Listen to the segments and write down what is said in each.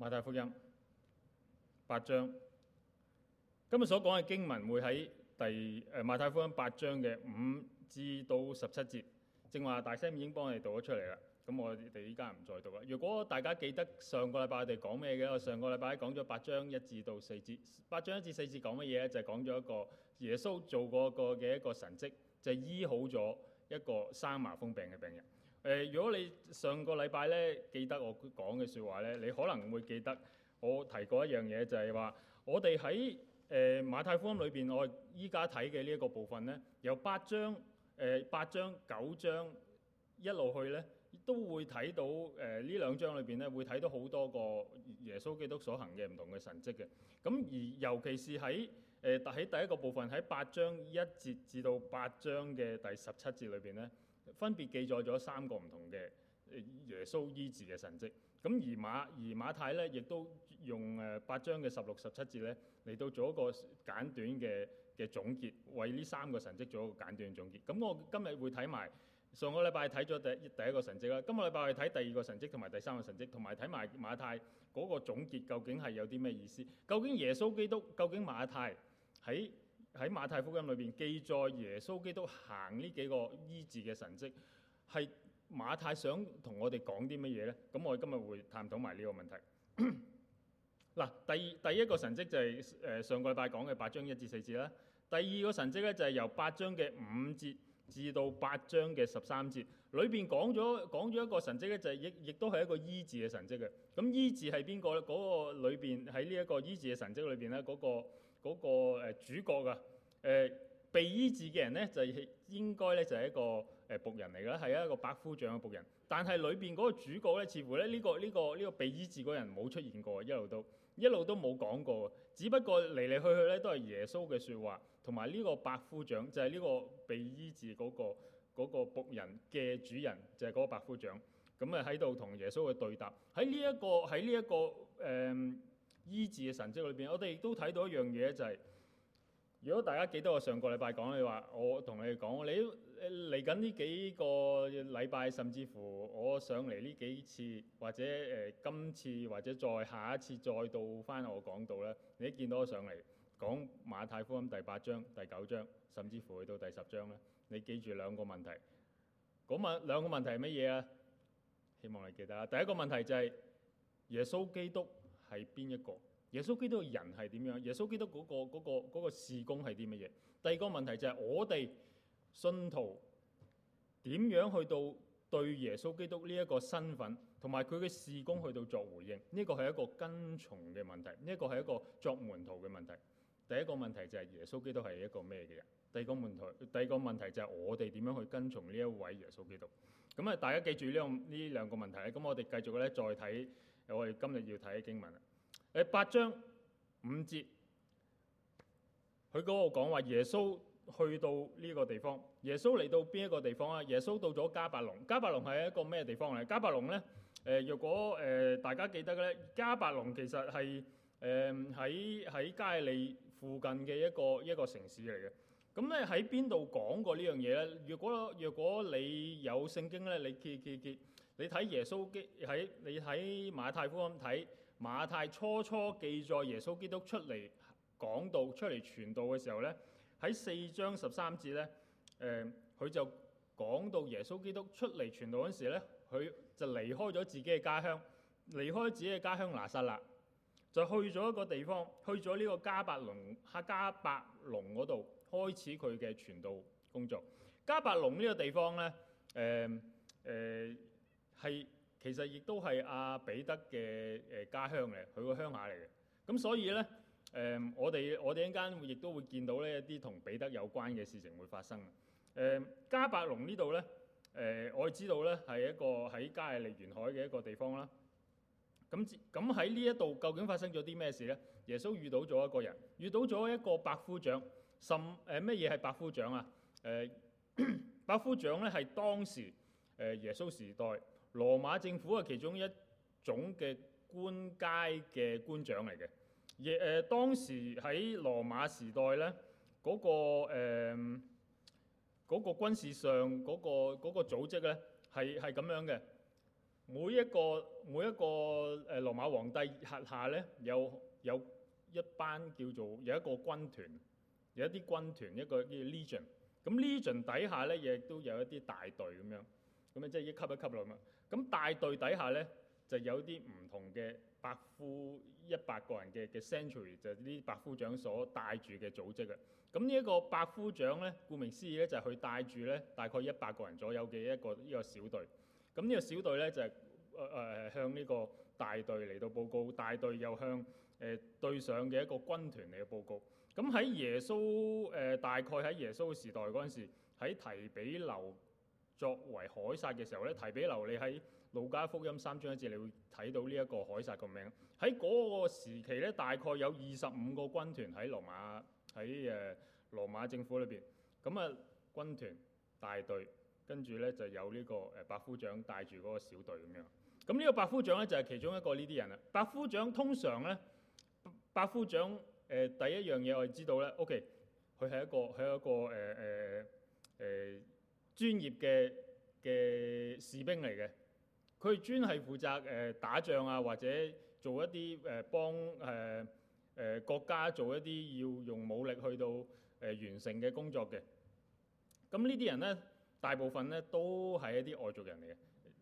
馬太，馬太福音八章，今日所講嘅經文會喺第誒馬太福音八章嘅五至到十七節，正話大 s 已經幫我哋讀咗出嚟啦。咁我哋依家唔再讀啦。如果大家記得上個禮拜我哋講咩嘅，我上個禮拜講咗八章一至到四節，八章一至四節講乜嘢咧？就係講咗一個耶穌做過一個嘅一個神蹟，就是、醫好咗一個生麻風病嘅病人。誒，如果你上個禮拜咧記得我講嘅説話咧，你可能會記得我提過一樣嘢，就係、是、話我哋喺誒馬太福音裏邊，我依家睇嘅呢一個部分咧，由八章誒、呃、八章九章一路去咧，都會睇到誒、呃、呢兩章裏邊咧，會睇到好多個耶穌基督所行嘅唔同嘅神蹟嘅。咁而尤其是喺誒喺第一個部分喺八章一節至到八章嘅第十七節裏邊咧。分別記載咗三個唔同嘅耶穌醫治嘅神蹟，咁而馬而馬太咧，亦都用誒八章嘅十六十七節咧，嚟到做一個簡短嘅嘅總結，為呢三個神蹟做一個簡短嘅總結。咁、嗯、我今日會睇埋上個禮拜睇咗第第一個神蹟啦，今個禮拜去睇第二個神蹟同埋第三個神蹟，同埋睇埋馬太嗰個總結究竟係有啲咩意思？究竟耶穌基督究竟馬太喺喺馬太福音裏邊記載耶穌基督行呢幾個醫治嘅神蹟，係馬太想同我哋講啲乜嘢呢？咁我哋今日會探討埋呢個問題。嗱， 第第一個神蹟就係、是、誒、呃、上個禮拜講嘅八章一至四節啦。第二個神蹟咧就係由八章嘅五節至到八章嘅十三節，裏邊講咗講咗一個神蹟咧、就是，就係亦亦都係一個醫治嘅神蹟嘅。咁醫治係邊、那個咧？嗰個裏邊喺呢一個醫治嘅神蹟裏邊咧，嗰、那個。嗰、那個呃呃個,呃、個,個主角啊，誒被醫治嘅人咧就係應該咧就係一個誒僕人嚟嘅啦，係一個百夫長嘅僕人。但係裏邊嗰個主角咧，似乎咧、這、呢個呢、這個呢、這個這個被醫治嗰人冇出現過，一路都一路都冇講過。只不過嚟嚟去去咧都係耶穌嘅説話，同埋呢個百夫長就係、是、呢個被醫治嗰、那個僕、那個、人嘅主人，就係、是、嗰個百夫長。咁啊喺度同耶穌嘅對答喺呢一個喺呢一個誒。呃醫治嘅神蹟裏邊，我哋亦都睇到一樣嘢，就是，就係如果大家記得我上個禮拜講，你話我同你哋講，你嚟緊呢幾個禮拜，甚至乎我上嚟呢幾次，或者誒、呃、今次或者再下一次再到翻我講到咧，你一見到我上嚟講馬太福音第八章、第九章，甚至乎去到第十章咧，你記住兩個問題，嗰問兩個問題係乜嘢啊？希望你記得啊！第一個問題就係、是、耶穌基督。係邊一個？耶穌基督人係點樣？耶穌基督嗰個嗰個嗰個事工係啲乜嘢？第二個問題就係我哋信徒點樣去到對耶穌基督呢一個身份同埋佢嘅事工去到作回應？呢個係一個跟從嘅問題，呢個係一個作門徒嘅問題。第一個問題就係耶穌基督係一個咩嘅人？第二個門徒，第二個問題就係我哋點樣去跟從呢一位耶穌基督？咁啊，大家記住呢兩呢兩個問題咧。咁我哋繼續咧再睇。我哋今日要睇嘅經文啦。第八章五節，佢嗰度講話耶穌去到呢個地方。耶穌嚟到邊一個地方啊？耶穌到咗迦百農。迦百農係一個咩地方嚟？迦百農咧，誒、呃、若果誒、呃、大家記得咧，迦百農其實係誒喺喺加利利附近嘅一個一個城市嚟嘅。咁咧喺邊度講過呢樣嘢咧？若果若果你有聖經咧，你記記記。記記你睇耶穌基，喺你睇馬太福音，睇馬太初初記載耶穌基督出嚟講道、出嚟傳道嘅時候咧，喺四章十三節咧，誒、嗯、佢就講到耶穌基督出嚟傳道嗰時咧，佢就離開咗自己嘅家鄉，離開自己嘅家鄉拿撒勒，就去咗一個地方，去咗呢個加百隆，喺加百隆嗰度開始佢嘅傳道工作。加百隆呢個地方咧，誒、嗯、誒。嗯係，其實亦都係阿彼得嘅誒家鄉嚟，佢個鄉下嚟嘅。咁所以呢，誒、嗯、我哋我哋一陣間亦都會見到呢一啲同彼得有關嘅事情會發生。誒、嗯、迦百農呢度呢，誒、呃、我哋知道呢係一個喺加利利沿海嘅一個地方啦。咁咁喺呢一度究竟發生咗啲咩事呢？耶穌遇到咗一個人，遇到咗一個百夫長。甚誒咩嘢係百夫長啊？誒百夫長呢係當時、呃、耶穌時代。羅馬政府係，其中一種嘅官階嘅官長嚟嘅，亦、呃、誒當時喺羅馬時代咧，嗰、那個誒嗰、呃那個、軍事上嗰、那個嗰、那個組織咧係係咁樣嘅。每一個每一個誒羅馬皇帝轄下咧有有一班叫做有一個軍團，有一啲軍團一個叫 legion，咁 legion 底下咧亦都有一啲大隊咁樣，咁樣即係一級一級落啊。咁大隊底下呢，就有啲唔同嘅百夫一百個人嘅嘅 century，就係啲百夫長所帶住嘅組織嘅。咁呢一個百夫長呢，顧名思義呢，就係佢帶住呢大概一百個人左右嘅一個呢個小隊。咁呢個小隊呢，就係、是、誒、呃、向呢個大隊嚟到報告，大隊又向誒對、呃、上嘅一個軍團嚟報告。咁喺耶穌誒、呃、大概喺耶穌時代嗰陣時，喺提比留。作為該撒嘅時候咧，提庇留你喺《路加福音》三章一節，你會睇到呢一個該撒個名。喺嗰個時期咧，大概有二十五個軍團喺羅馬喺誒羅馬政府裏邊。咁、嗯、啊，軍團大隊跟住咧就有呢、這個誒百、呃、夫長帶住嗰個小隊咁樣。咁、嗯、呢、這個百夫長咧就係、是、其中一個呢啲人啦。百夫長通常咧，百夫長誒、呃、第一樣嘢我哋知道咧，OK，佢係一個係一個誒誒誒。呃呃呃呃專業嘅嘅士兵嚟嘅，佢專係負責誒、呃、打仗啊，或者做一啲誒幫誒誒國家做一啲要用武力去到誒、呃、完成嘅工作嘅。咁、嗯、呢啲人咧，大部分咧都係一啲外族人嚟嘅，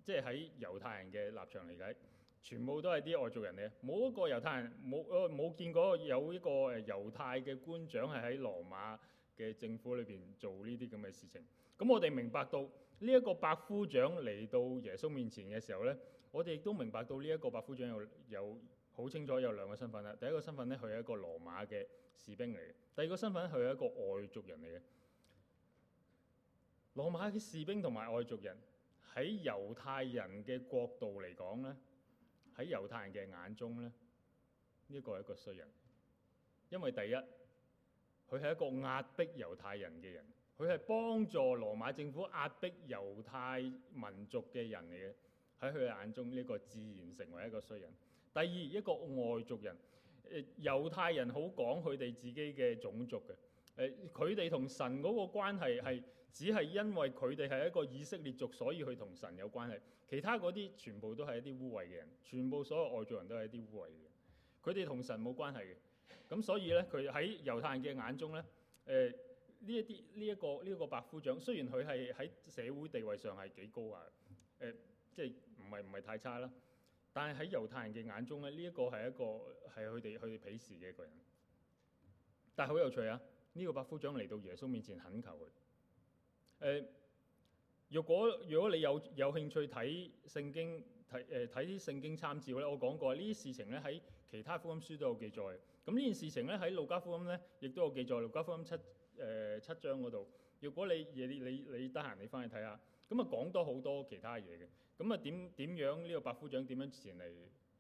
即係喺猶太人嘅立場嚟睇，全部都係啲外族人嚟嘅。冇一個猶太人，冇誒冇見過有一個誒猶太嘅官長係喺羅馬嘅政府裏邊做呢啲咁嘅事情，咁我哋明白到呢一個百夫長嚟到耶穌面前嘅時候咧，我哋亦都明白到呢一個百夫長有有好清楚有兩個身份啦。第一個身份咧，佢係一個羅馬嘅士兵嚟嘅；第二個身份，佢係一個外族人嚟嘅。羅馬嘅士兵同埋外族人喺猶太人嘅角度嚟講咧，喺猶太人嘅眼中咧，呢個係一個衰人，因為第一。佢係一個壓迫猶太人嘅人，佢係幫助羅馬政府壓迫猶太民族嘅人嚟嘅。喺佢眼中，呢個自然成為一個衰人。第二，一個外族人，誒、呃、猶太人好講佢哋自己嘅種族嘅，佢哋同神嗰個關係係只係因為佢哋係一個以色列族，所以佢同神有關係。其他嗰啲全部都係一啲污穢嘅人，全部所有外族人都係一啲污穢嘅，佢哋同神冇關係嘅。咁所以咧，佢喺猶太人嘅眼中咧，誒呢一啲呢一個呢一、這個百夫長，雖然佢係喺社會地位上係幾高啊，誒、呃、即係唔係唔係太差啦，但係喺猶太人嘅眼中咧，呢、這個、一個係一個係佢哋佢哋鄙視嘅一個人。但係好有趣啊，呢、這個百夫長嚟到耶穌面前懇求佢，誒、呃。若果如果你有有興趣睇聖經睇誒睇啲聖經參照咧，我講過呢啲事情咧，喺其他福音書都有記載。咁呢件事情咧，喺路加福音咧亦都有記載，路加福音七誒、呃、七章嗰度。如果你嘢你你得閒你翻去睇下，咁啊講多好多其他嘢嘅。咁啊點點樣呢、呢個百夫長點樣前嚟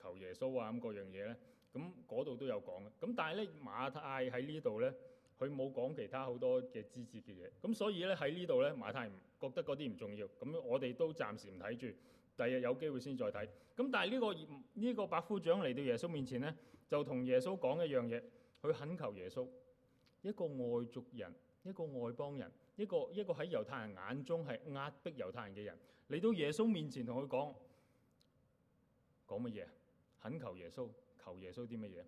求耶穌啊咁嗰樣嘢咧？咁嗰度都有講嘅。咁但係咧馬太喺呢度咧。佢冇講其他好多嘅肢節嘅嘢，咁所以呢，喺呢度呢，馬太唔覺得嗰啲唔重要，咁我哋都暫時唔睇住，第日有機會先再睇。咁但係呢個呢個百夫長嚟到耶穌面前呢，就同耶穌講一樣嘢，佢懇求耶穌一個外族人，一個外邦人，一個一個喺猶太人眼中係壓迫猶太人嘅人，嚟到耶穌面前同佢講講乜嘢？懇求耶穌，求耶穌啲乜嘢？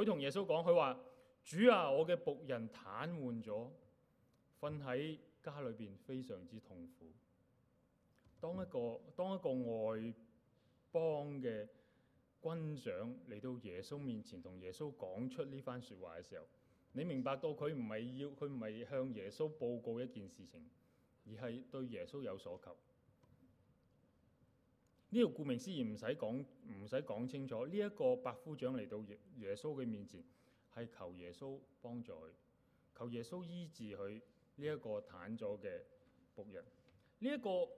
佢同耶穌講，佢話。主啊，我嘅僕人癱瘓咗，瞓喺家裏邊，非常之痛苦。當一個當一個外邦嘅軍長嚟到耶穌面前，同耶穌講出呢番說話嘅時候，你明白到佢唔係要佢唔係向耶穌報告一件事情，而係對耶穌有所求。呢個顧名思義，唔使講唔使講清楚。呢一個百夫長嚟到耶，耶穌嘅面前。係求耶穌幫助，佢，求耶穌醫治佢呢一個癱咗嘅僕人。呢、這、一個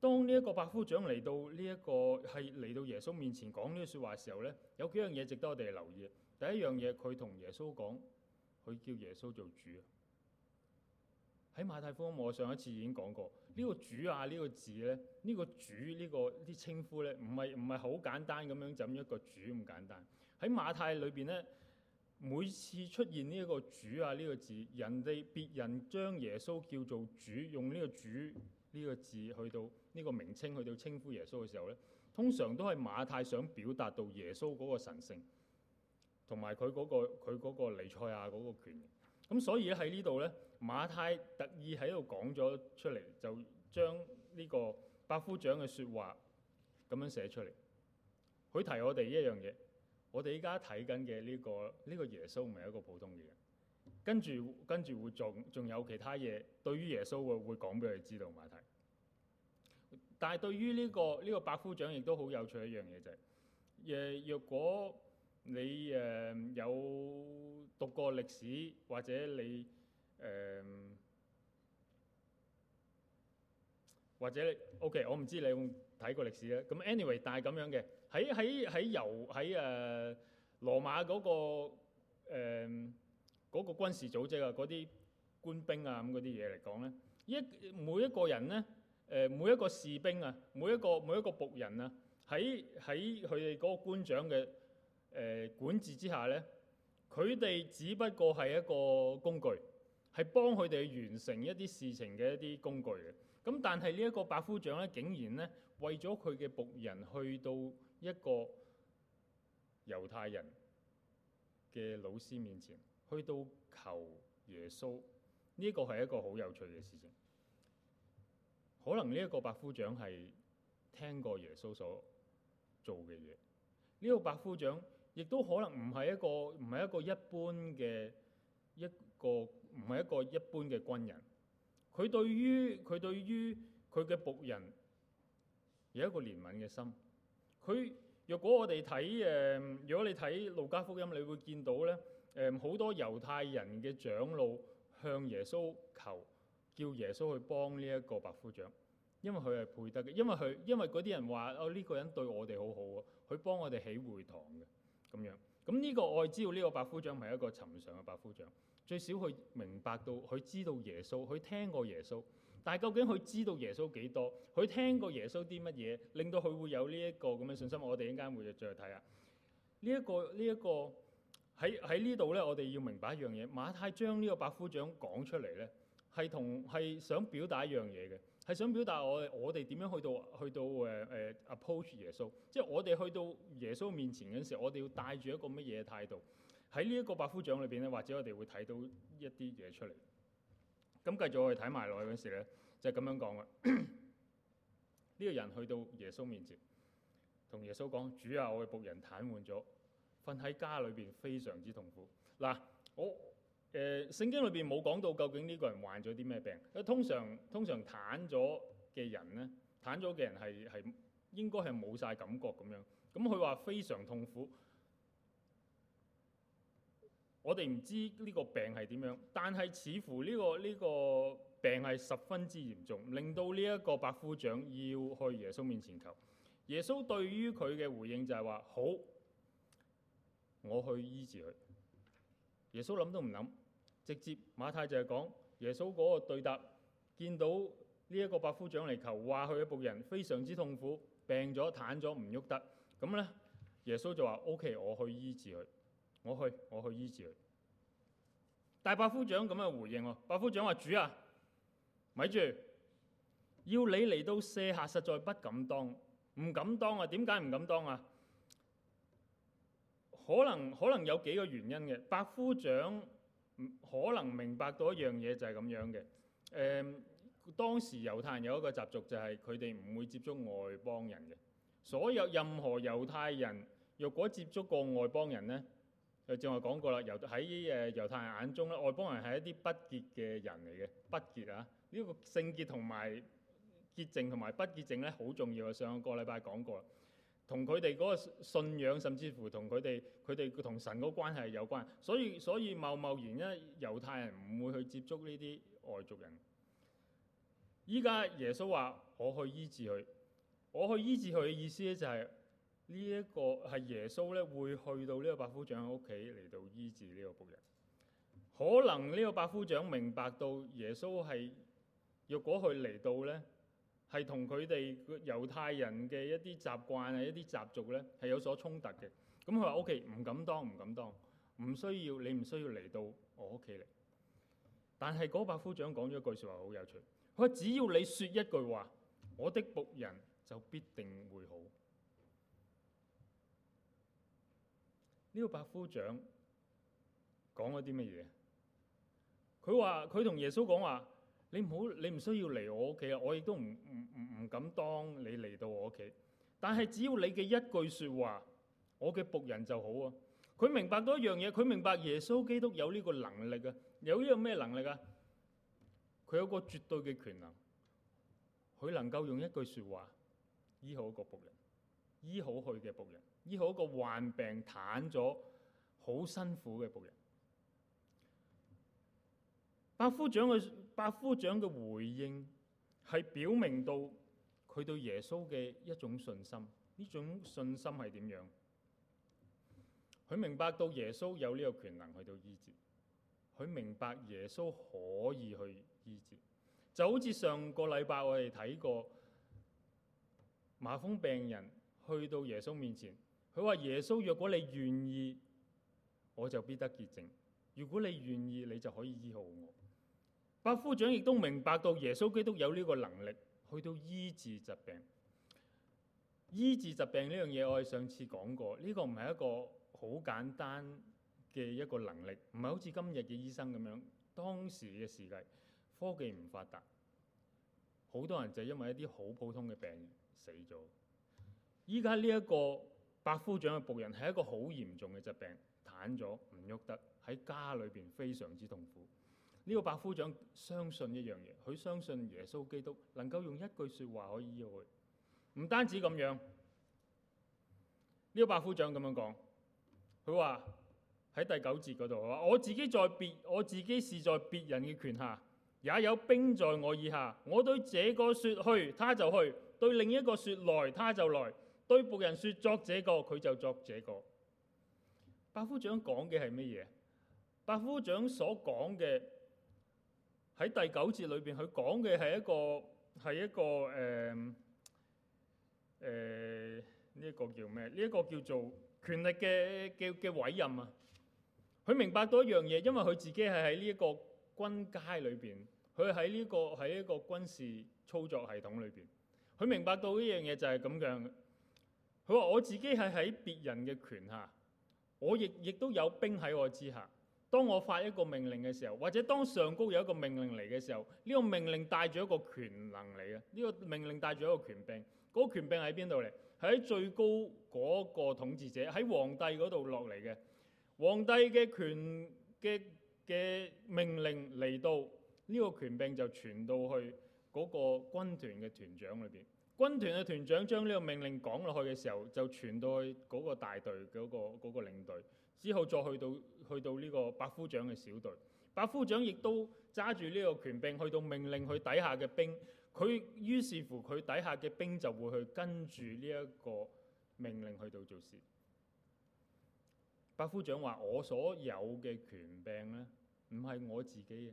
當呢一個百夫長嚟到呢、這、一個係嚟到耶穌面前講呢啲説話嘅時候呢，有幾樣嘢值得我哋留意。第一樣嘢，佢同耶穌講，佢叫耶穌做主。喺馬太福音，我上一次已經講過，呢、這個主啊呢、這個字呢，呢、這個主呢、這個啲稱呼呢，唔係唔係好簡單咁樣就是、一個主咁簡單。喺馬太裏邊呢。每次出現呢一個主啊呢個字，人哋別人將耶穌叫做主，用呢個主呢個字去到呢個名稱去到稱呼耶穌嘅時候呢，通常都係馬太想表達到耶穌嗰個神性，同埋佢嗰個佢嗰個尼賽亞嗰個權。咁所以喺呢度呢，馬太特意喺度講咗出嚟，就將呢個百夫長嘅説話咁樣寫出嚟。佢提我哋一樣嘢。我哋依家睇緊嘅呢個呢個耶穌唔係一個普通嘅人，跟住跟住會仲仲有其他嘢，對於耶穌會會講俾佢知道埋嘅。但係對於呢個呢個百夫長亦都好有趣一樣嘢就係，呃，若果你誒有讀過歷史或者你誒或者你 OK 我唔知你睇過歷史咧，咁 anyway 但係咁樣嘅。喺喺喺由喺誒、呃、羅馬嗰、那個誒嗰、呃那個、軍事組織啊，嗰啲官兵啊咁嗰啲嘢嚟講咧，一每一個人咧，誒、呃、每一個士兵啊，每一個每一個僕人啊，喺喺佢哋嗰個官長嘅誒、呃、管治之下咧，佢哋只不過係一個工具，係幫佢哋完成一啲事情嘅一啲工具嘅。咁但係呢一個百夫長咧，竟然咧為咗佢嘅僕人去到一個猶太人嘅老師面前去到求耶穌，呢、這個係一個好有趣嘅事情。可能呢一個百夫長係聽過耶穌所做嘅嘢，呢、這個百夫長亦都可能唔係一個唔係一個一般嘅一個唔係一個一般嘅軍人，佢對於佢對於佢嘅僕人有一個憐憫嘅心。佢若果我哋睇誒，如果你睇路加福音，你會見到咧誒，好多猶太人嘅長老向耶穌求，叫耶穌去幫呢一個百夫長，因為佢係配得嘅，因為佢因為嗰啲人話哦呢個人對我哋好好喎，佢幫我哋起會堂嘅，咁樣。咁呢個我知道，呢個百夫長唔係一個尋常嘅百夫長，最少佢明白到佢知道耶穌，佢聽過耶穌。但係究竟佢知道耶穌幾多？佢聽過耶穌啲乜嘢，令到佢會有呢一個咁嘅信心？我哋一陣間會再睇下呢一個呢一個喺喺呢度呢，我哋要明白一樣嘢。馬太將呢個百夫長講出嚟呢，係同係想表達一樣嘢嘅，係想表達我我哋點樣去到去到誒誒、uh, approach 耶穌，即係我哋去到耶穌面前嗰時候，我哋要帶住一個乜嘢態度？喺呢一個百夫長裏邊呢，或者我哋會睇到一啲嘢出嚟。咁繼續，我哋睇埋落去嗰時咧，就係咁樣講啦。呢 個人去到耶穌面前，同耶穌講：主啊，我嘅僕人癱瘓咗，瞓喺家裏邊，非常之痛苦。嗱，我誒、呃、聖經裏邊冇講到究竟呢個人患咗啲咩病。因為通常，通常癱咗嘅人咧，癱咗嘅人係係應該係冇晒感覺咁樣。咁佢話非常痛苦。我哋唔知呢個病係點樣，但係似乎呢個呢個病係十分之嚴重，令到呢一個百夫長要去耶穌面前求。耶穌對於佢嘅回應就係話：好，我去醫治佢。耶穌諗都唔諗，直接馬太就係講耶穌嗰個對答，見到呢一個百夫長嚟求，話佢嘅僕人非常之痛苦，病咗、癱咗，唔喐得。咁呢，耶穌就話：OK，我去醫治佢。我去，我去醫治佢。但百夫長咁樣回應喎，百夫長話：主啊，咪住，要你嚟到舍下，實在不敢當，唔敢當啊！點解唔敢當啊？可能可能有幾個原因嘅。百夫長可能明白到一樣嘢就係咁樣嘅。誒、嗯，當時猶太人有一個習俗就係佢哋唔會接觸外邦人嘅。所有任何猶太人，若果接觸過外邦人呢。正話講過啦，由喺誒猶太人眼中咧，外邦人係一啲不潔嘅人嚟嘅，不潔啊！呢、這個聖潔同埋潔淨同埋不潔淨咧，好重要啊！上個禮拜講過啦，同佢哋嗰個信仰，甚至乎同佢哋佢哋同神嗰個關係有關。所以所以貿貿然咧，猶太人唔會去接觸呢啲外族人。依家耶穌話：我去醫治佢，我去醫治佢嘅意思咧、就是，就係。呢一個係耶穌咧，會去到呢個百夫長屋企嚟到醫治呢個僕人。可能呢個百夫長明白到耶穌係，若果佢嚟到呢，係同佢哋猶太人嘅一啲習慣啊、一啲習俗呢係有所衝突嘅。咁佢話：O K，唔敢當，唔敢當，唔需要你唔需要嚟到我屋企嚟。但係嗰百夫長講咗一句説話好有趣，佢話：只要你說一句話，我的僕人就必定會好。呢個百夫長講咗啲乜嘢？佢話：佢同耶穌講話，你唔好，你唔需要嚟我屋企啊！我亦都唔唔唔唔敢當你嚟到我屋企。但係只要你嘅一句説話，我嘅僕人就好啊！佢明白到一樣嘢，佢明白耶穌基督有呢個能力啊！有呢個咩能力啊？佢有個絕對嘅權能，佢能夠用一句説話醫好一個僕人。醫好佢嘅僕人，醫好一個患病癱咗好辛苦嘅僕人。百夫長嘅百夫長嘅回應係表明到佢對耶穌嘅一種信心。呢種信心係點樣？佢明白到耶穌有呢個權能去到醫治，佢明白耶穌可以去醫治。就好似上個禮拜我哋睇過痲瘋病人。去到耶穌面前，佢話：耶穌，若果你願意，我就必得潔淨；如果你願意，你就可以醫好我。百夫長亦都明白到耶穌基督有呢個能力去到醫治疾病。醫治疾病呢樣嘢，我哋上次講過，呢、呢個唔係一個好簡單嘅一個能力，唔係好似今日嘅醫生咁樣。當時嘅時代，科技唔發達，好多人就因為一啲好普通嘅病死咗。依家呢一個百夫長嘅僕人係一個好嚴重嘅疾病，癱咗唔喐得，喺家裏邊非常之痛苦。呢、這個百夫長相信一樣嘢，佢相信耶穌基督能夠用一句説話可以醫佢。唔單止咁樣，呢、這個百夫長咁樣講，佢話喺第九節嗰度，我話我自己在別，我自己是在別人嘅權下，也有兵在我以下。我對這個説去，他就去；對另一個説來，他就來。對僕人說：作這個，佢就作這個。百夫長講嘅係乜嘢？百夫長所講嘅喺第九節裏邊，佢講嘅係一個係一個誒誒呢一個叫咩？呢一個叫做權力嘅嘅嘅委任啊！佢明白到一樣嘢，因為佢自己係喺呢一個軍階裏邊，佢喺呢個喺一個軍事操作系統裏邊，佢明白到呢樣嘢就係咁樣。佢話：我自己係喺別人嘅權下，我亦亦都有兵喺我之下。當我發一個命令嘅時候，或者當上高有一個命令嚟嘅時候，呢個命令帶住一個權能嚟嘅，呢個命令帶住一個權柄。嗰權柄喺邊度嚟？係喺最高嗰個統治者，喺皇帝嗰度落嚟嘅。皇帝嘅權嘅嘅命令嚟到，呢個權柄就傳到去嗰個軍團嘅團長裏邊。軍團嘅團長將呢個命令講落去嘅時候，就傳到去嗰個大隊嗰個嗰個領隊，之後再去到去到呢個百夫長嘅小隊。百夫長亦都揸住呢個權柄去到命令佢底下嘅兵，佢於是乎佢底下嘅兵就會去跟住呢一個命令去到做事。百夫長話：我所有嘅權柄呢，唔係我自己嘅，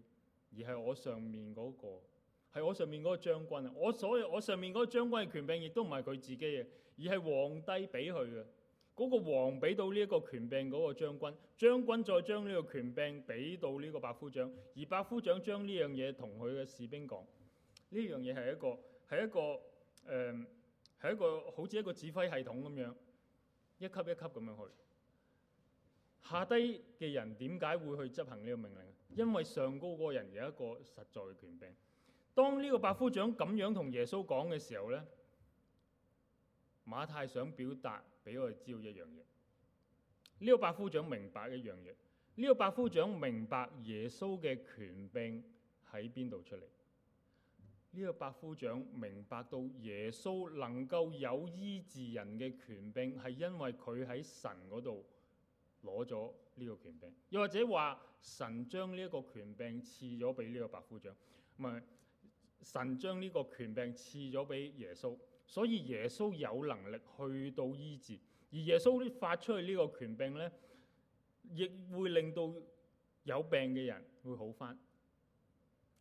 而係我上面嗰個。係我上面嗰個將軍啊！我，所以我上面嗰個將軍嘅權柄，亦都唔係佢自己嘅，而係皇帝俾佢嘅。嗰個皇俾到呢一個權柄嗰個將軍，將軍再將呢個權柄俾到呢個百夫長，而百夫長將呢樣嘢同佢嘅士兵講。呢樣嘢係一個係一個誒係、呃、一個好似一個指揮系統咁樣一級一級咁樣去，下低嘅人點解會去執行呢個命令？因為上高嗰個人有一個實在嘅權柄。當呢個百夫長咁樣同耶穌講嘅時候呢，馬太想表達俾我哋知道一樣嘢。呢個百夫長明白一樣嘢。呢個百夫長明白耶穌嘅權柄喺邊度出嚟。呢個百夫長明白到耶穌能夠有醫治人嘅權柄，係因為佢喺神嗰度攞咗呢個權柄，又或者話神將呢一個權柄賜咗俾呢個百夫長。神將呢個權柄賜咗俾耶穌，所以耶穌有能力去到醫治。而耶穌呢發出去呢個權柄呢，亦會令到有病嘅人會好翻。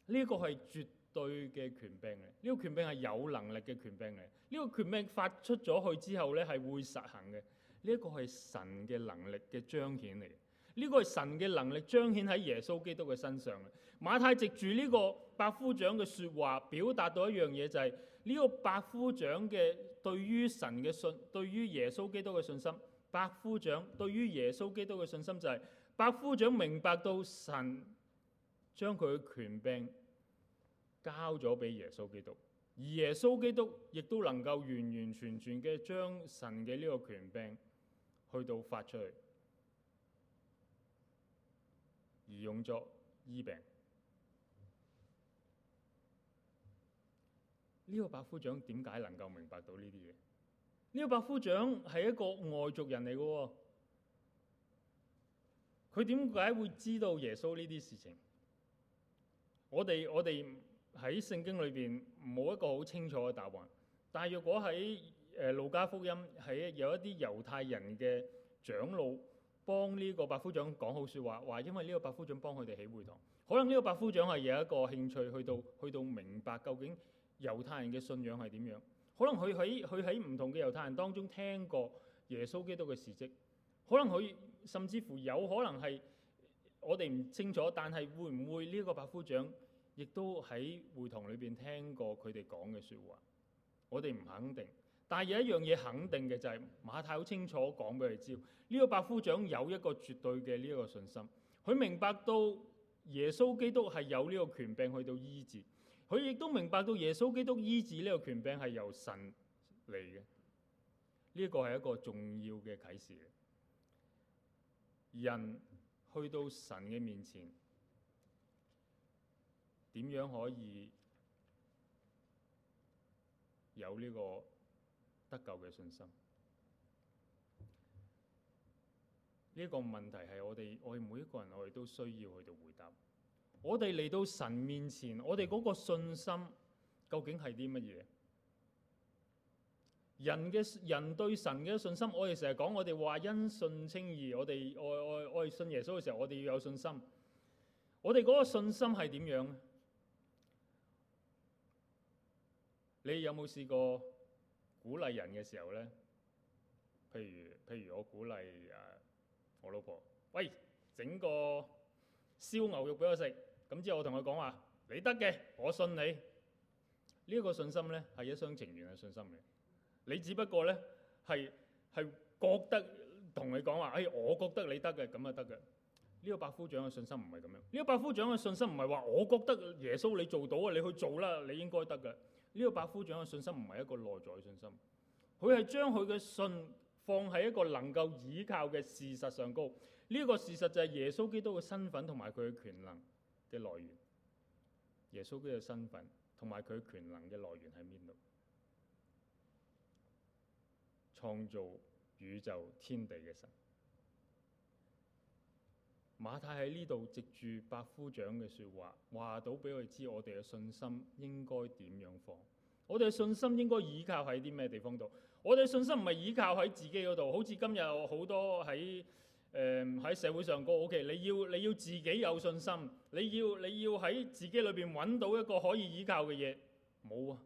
呢個係絕對嘅權柄嚟，呢個權柄係有能力嘅權柄嚟。呢個權柄發出咗去之後呢，係會實行嘅。呢一個係神嘅能力嘅彰顯嚟。呢個係神嘅能力彰顯喺耶穌基督嘅身上。馬太藉住呢個百夫長嘅説話，表達到一樣嘢，就是，就係呢個百夫長嘅對於神嘅信，對於耶穌基督嘅信心。百夫長對於耶穌基督嘅信心就係，是，百夫長明白到神將佢嘅權柄交咗俾耶穌基督，而耶穌基督亦都能夠完完全全嘅將神嘅呢個權柄去到發出去。而用作醫病。呢個百夫長點解能夠明白到呢啲嘢？呢、這個百夫長係一個外族人嚟嘅、哦，佢點解會知道耶穌呢啲事情？我哋我哋喺聖經裏邊冇一個好清楚嘅答案。但係若果喺誒、呃、路加福音，喺有一啲猶太人嘅長老幫呢個百夫長講好説話，話因為呢個百夫長幫佢哋起會堂，可能呢個百夫長係有一個興趣去到去到明白究竟。猶太人嘅信仰係點樣？可能佢喺佢喺唔同嘅猶太人當中聽過耶穌基督嘅事蹟，可能佢甚至乎有可能係我哋唔清楚，但係會唔會呢個百夫長亦都喺會堂裏邊聽過佢哋講嘅説話？我哋唔肯定。但係有一樣嘢肯定嘅就係、是、馬太好清楚講俾佢知，呢、這個百夫長有一個絕對嘅呢個信心，佢明白到耶穌基督係有呢個權柄去到醫治。佢亦都明白到耶穌基督醫治呢個權柄係由神嚟嘅，呢個係一個重要嘅啟示。人去到神嘅面前，點樣可以有呢個得救嘅信心？呢個問題係我哋我哋每一個人我哋都需要去到回答。我哋嚟到神面前，我哋嗰個信心究竟係啲乜嘢？人嘅人對神嘅信心，我哋成日講，我哋話因信稱義，我哋我我我，我信耶穌嘅時候，我哋要有信心。我哋嗰個信心係點樣？你有冇試過鼓勵人嘅時候呢？譬如譬如我鼓勵誒、啊、我老婆，喂整個。燒牛肉俾我食，咁之後我同佢講話，你得嘅，我信你。呢、這、一個信心呢，係一廂情願嘅信心嘅。你只不過呢，係係覺得同你講話，哎，我覺得你得嘅，咁啊得嘅。呢、這個百夫長嘅信心唔係咁樣。呢、這個百夫長嘅信心唔係話我覺得耶穌你做到啊，你去做啦，你應該得嘅。呢、這個百夫長嘅信心唔係一個內在嘅信心，佢係將佢嘅信放喺一個能夠倚靠嘅事實上高。呢個事實就係耶穌基督嘅身份同埋佢嘅權能嘅來源。耶穌基督嘅身份同埋佢嘅權能嘅來源喺邊度？創造宇宙天地嘅神。馬太喺呢度藉住百夫長嘅説話，話到俾佢知，我哋嘅信心應該點樣放？我哋嘅信心應該倚靠喺啲咩地方度？我哋嘅信心唔係倚靠喺自己嗰度，好似今日好多喺。誒喺、嗯、社會上講，OK，你要你要自己有信心，你要你要喺自己裏邊揾到一個可以依靠嘅嘢，冇啊！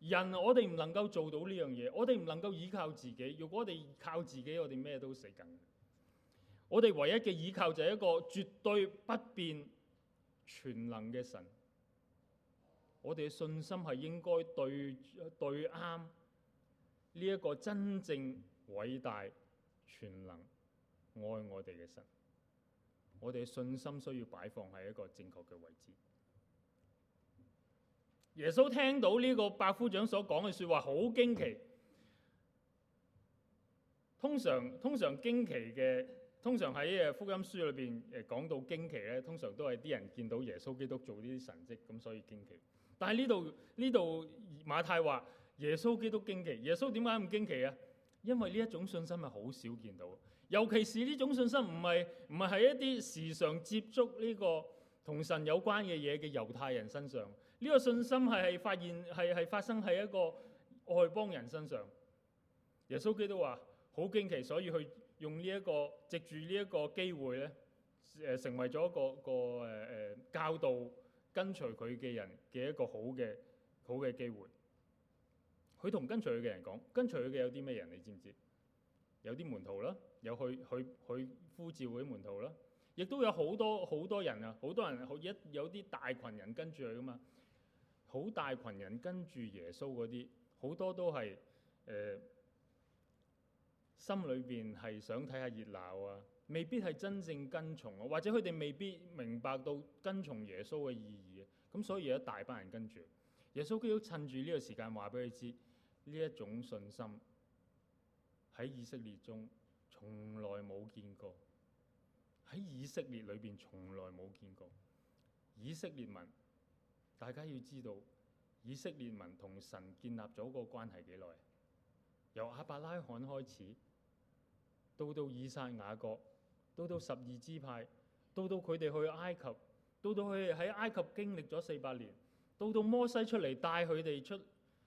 人我哋唔能夠做到呢樣嘢，我哋唔能夠依靠自己。如果我哋靠自己，我哋咩都死緊。我哋唯一嘅依靠就係一個絕對不變全能嘅神。我哋嘅信心係應該對，對對啱呢一個真正偉大全能，愛我哋嘅神，我哋嘅信心需要擺放喺一個正確嘅位置。耶穌聽到呢個百夫長所講嘅說話，好驚奇。通常通常驚奇嘅，通常喺誒福音書裏邊誒講到驚奇咧，通常都係啲人見到耶穌基督做呢啲神蹟咁，所以驚奇。但係呢度呢度馬太話，耶穌基督驚奇。耶穌點解咁驚奇啊？因為呢一種信心係好少見到。尤其是呢種信心唔係唔係喺一啲時常接觸呢個同神有關嘅嘢嘅猶太人身上，呢、這個信心係係發現係係發生喺一個外邦人身上。耶穌基督話好驚奇，所以去用呢、這、一個藉住呢一個機會呢，呃、成為咗一個一個誒誒、呃、教導跟隨佢嘅人嘅一個好嘅好嘅機會。佢同跟隨佢嘅人講，跟隨佢嘅有啲咩人？你知唔知？有啲門徒啦，有去去去呼召啲門徒啦，亦都有好多好多人啊，好多人好一有啲大群人跟住佢噶嘛，好大群人跟住耶穌嗰啲，好多都係誒、呃、心裏邊係想睇下熱鬧啊，未必係真正跟從啊，或者佢哋未必明白到跟從耶穌嘅意義，咁所以有一大班人跟住耶穌，佢要趁住呢個時間話俾佢知呢一種信心。喺以色列中，從來冇見過；喺以色列裏邊，從來冇見過。以色列民，大家要知道，以色列民同神建立咗個關係幾耐？由亞伯拉罕開始，到到以撒雅各，到到十二支派，到到佢哋去埃及，到到佢哋喺埃及經歷咗四百年，到到摩西出嚟帶佢哋出，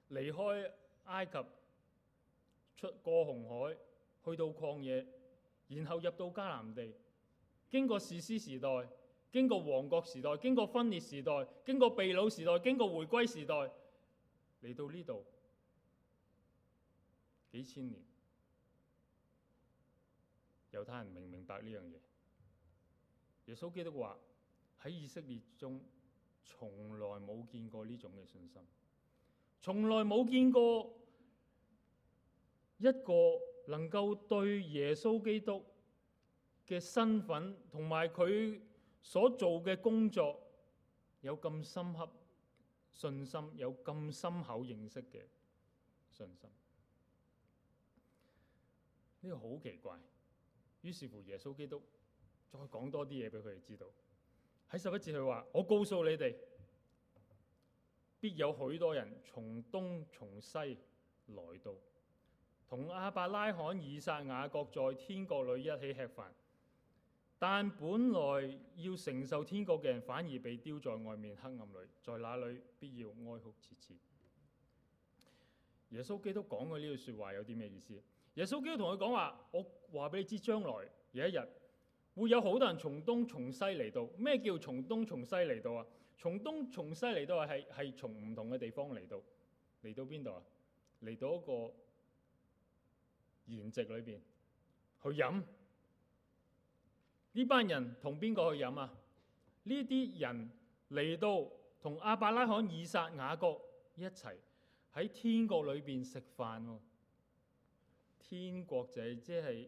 離開埃及。出過紅海，去到曠野，然後入到迦南地，經過士師時代，經過王國時代，經過分裂時代，經過被擄時代，經過回歸時代，嚟到呢度幾千年，猶太人明唔明白呢樣嘢？耶穌基督話喺以色列中，從來冇見過呢種嘅信心，從來冇見過。一個能夠對耶穌基督嘅身份同埋佢所做嘅工作有咁深刻信心，有咁深厚認識嘅信心，呢、這個好奇怪。於是乎，耶穌基督再講多啲嘢俾佢哋知道。喺十一節，佢話：我告訴你哋，必有許多人從東從西來到。同阿伯拉罕、以撒、雅各在天國裏一起吃飯，但本來要承受天國嘅人反而被丟在外面黑暗裏，在那裏必要哀哭切切。耶穌基督講過呢句說話有啲咩意思？耶穌基督同佢講話：“我話俾你知，將來有一日會有好多人從東從西嚟到。”咩叫從東從西嚟到啊？從東從西嚟到係係從唔同嘅地方嚟到，嚟到邊度啊？嚟到一個。筵席裏邊去飲，呢班人同邊個去飲啊？呢啲人嚟到同亞伯拉罕、以撒、雅各一齊喺天國裏邊食飯喎。天國就係即係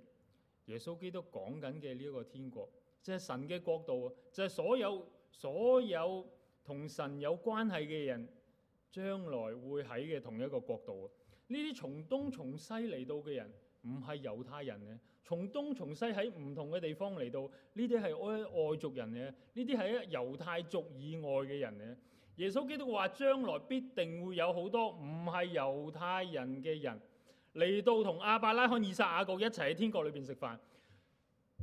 耶穌基督講緊嘅呢一個天國，即係神嘅國度啊！就係所有所有同神有關係嘅人，將來會喺嘅同一個國度啊！呢啲從東從西嚟到嘅人。唔係猶太人嘅，從東從西喺唔同嘅地方嚟到，呢啲係外外族人嘅，呢啲係一猶太族以外嘅人嘅。耶穌基督話：將來必定會有好多唔係猶太人嘅人嚟到同阿伯拉罕、以撒、雅各一齊喺天國裏邊食飯。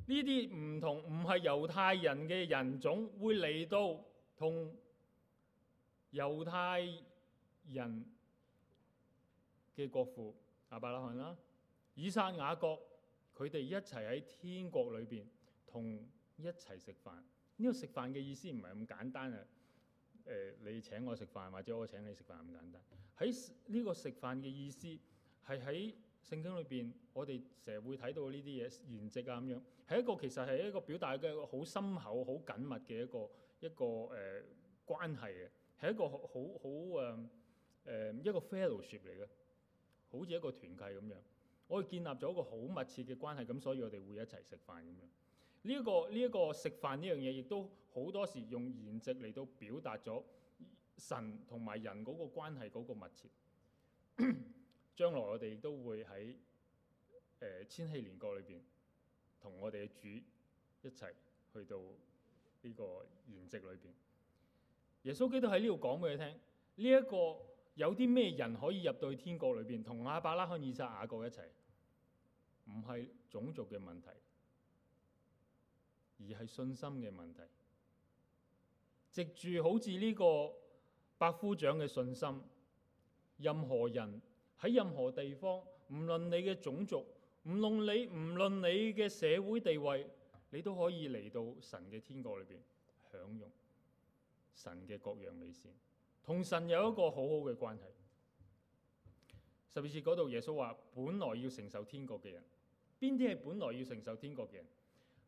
呢啲唔同唔係猶太人嘅人種會嚟到同猶太人嘅國父阿伯拉罕啦。以撒、雅各佢哋一齊喺天國裏邊同一齊食飯。呢、這個食飯嘅意思唔係咁簡單啊。誒、呃，你請我食飯或者我請你食飯咁簡單，喺呢、這個食飯嘅意思係喺聖經裏邊，我哋成日會睇到呢啲嘢筵席啊，咁樣，係一個其實係一個表達嘅好深厚、好緊密嘅一個一個誒、呃、關係嘅，係一個好好好誒、嗯呃、一個 fellowship 嚟嘅，好似一個團契咁樣。我哋建立咗一個好密切嘅關係，咁所以我哋會一齊食飯咁樣。呢、這、一個呢一、這個食飯呢樣嘢，亦都好多時用筵席嚟到表達咗神同埋人嗰個關係嗰、那個密切。將 來我哋都會喺誒、呃、千禧年國裏邊，同我哋嘅主一齊去到呢個筵席裏邊。耶穌基督喺呢度講俾你聽，呢、這、一個。有啲咩人可以入到去天國裏邊同亞伯拉罕、以撒、雅各一齊？唔係種族嘅問題，而係信心嘅問題。藉住好似呢個百夫長嘅信心，任何人喺任何地方，唔論你嘅種族，唔論你，唔論你嘅社會地位，你都可以嚟到神嘅天國裏邊享用神嘅各樣美食。同神有一個好好嘅關係。十二節嗰度耶穌話：本來要承受天國嘅人，邊啲係本來要承受天國嘅人？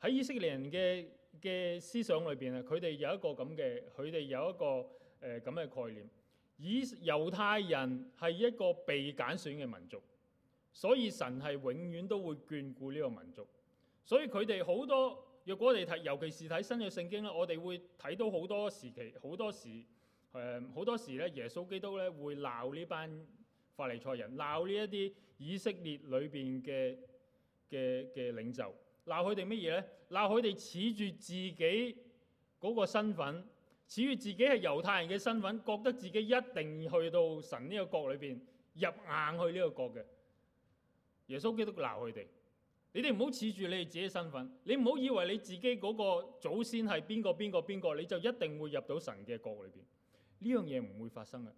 喺以色列人嘅嘅思想裏邊啊，佢哋有一個咁嘅，佢哋有一個誒咁嘅概念。以猶太人係一個被揀選嘅民族，所以神係永遠都會眷顧呢個民族。所以佢哋好多，若果我哋睇，尤其是睇新約聖經啦，我哋會睇到好多時期，好多時。誒好多時咧，耶穌基督咧會鬧呢班法利賽人，鬧呢一啲以色列裏邊嘅嘅嘅領袖，鬧佢哋乜嘢咧？鬧佢哋恃住自己嗰個身份，恃住自己係猶太人嘅身份，覺得自己一定去到神呢個國裏邊入硬去呢個國嘅。耶穌基督鬧佢哋，你哋唔好恃住你哋自己嘅身份，你唔好以為你自己嗰個祖先係邊個邊個邊個，你就一定會入到神嘅國裏邊。呢樣嘢唔會發生嘅，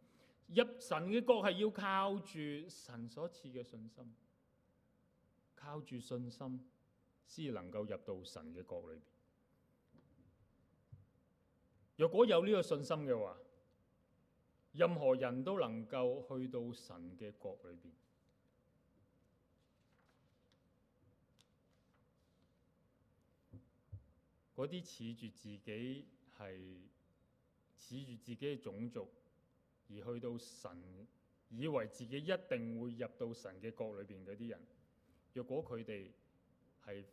入神嘅國係要靠住神所賜嘅信心，靠住信心先能夠入到神嘅國裏邊。若果有呢個信心嘅話，任何人都能夠去到神嘅國裏邊。嗰啲恃住自己係。恃住自己嘅種族，而去到神以為自己一定會入到神嘅國裏邊嗰啲人，若果佢哋係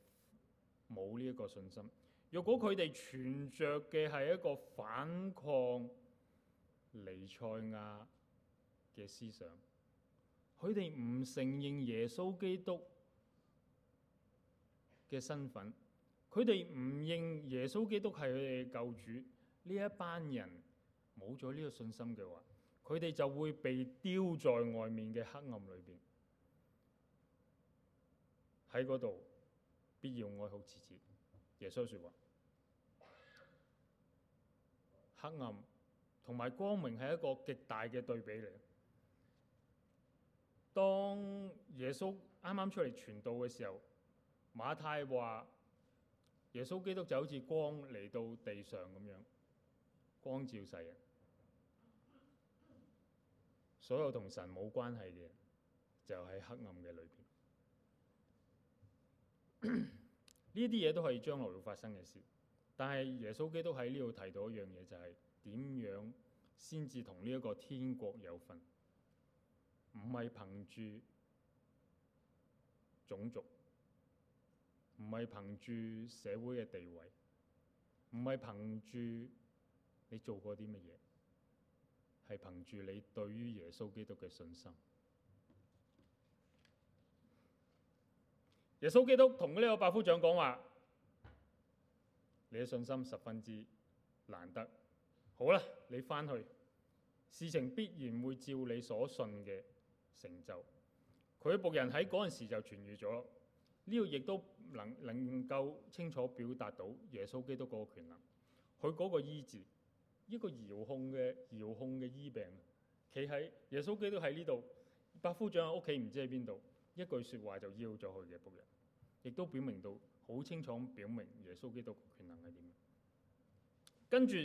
冇呢一個信心，若果佢哋存着嘅係一個反抗尼賽亞嘅思想，佢哋唔承認耶穌基督嘅身份，佢哋唔認耶穌基督係佢哋嘅救主。呢一班人冇咗呢個信心嘅話，佢哋就會被丟在外面嘅黑暗裏邊，喺嗰度必要哀哭切齒。耶穌說話，黑暗同埋光明係一個極大嘅對比嚟。當耶穌啱啱出嚟傳道嘅時候，馬太話耶穌基督就好似光嚟到地上咁樣。光照世人，所有同神冇關係嘅就喺黑暗嘅裏邊。呢啲嘢都係將來會發生嘅事，但係耶穌基督喺呢度提到一樣嘢，就係點樣先至同呢一個天國有份？唔係憑住種族，唔係憑住社會嘅地位，唔係憑住。你做過啲乜嘢？係憑住你對於耶穌基督嘅信心。耶穌基督同呢個百夫長講話：你嘅信心十分之難得。好啦，你翻去，事情必然會照你所信嘅成就。佢嘅僕人喺嗰陣時就痊愈咗。呢個亦都能能夠清楚表達到耶穌基督嗰個權能，佢嗰個醫治。一個遙控嘅遙控嘅醫病，企喺耶穌基督喺呢度，百夫長喺屋企唔知喺邊度，一句説話就要咗佢嘅僕人，亦都表明到好清楚表明耶穌基督權能係點。跟住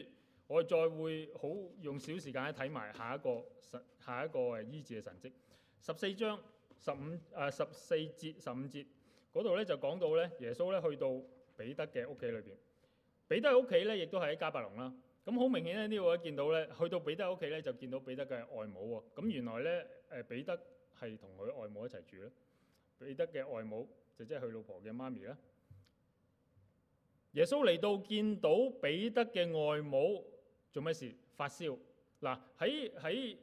我哋再會好用少時間睇埋下一個神下一個誒醫治嘅神蹟，十四章十五啊十四節十五節嗰度咧就講到咧耶穌咧去到彼得嘅屋企裏邊，彼得嘅屋企咧亦都係喺迦百農啦。咁好明顯咧，呢位我見到咧，去到彼得屋企咧，就見到彼得嘅外母喎。咁原來咧，誒彼得係同佢外母一齊住咧。彼得嘅外母就即係佢老婆嘅媽咪啦。耶穌嚟到見到彼得嘅外母做咩事？發燒。嗱，喺喺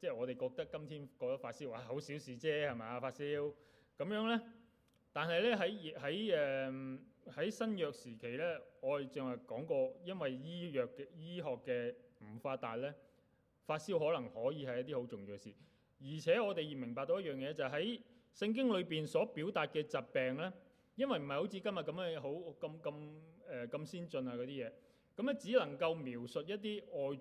即係我哋覺得今天覺得發燒，哇，好小事啫，係咪？發燒咁樣咧，但係咧喺喺誒。喺新約時期咧，我哋淨係講過，因為醫藥嘅醫學嘅唔發達咧，發燒可能可以係一啲好重要嘅事。而且我哋要明白到一樣嘢，就喺、是、聖經裏邊所表達嘅疾病咧，因為唔係好似今日咁樣好咁咁誒咁先進啊嗰啲嘢，咁咧只能夠描述一啲外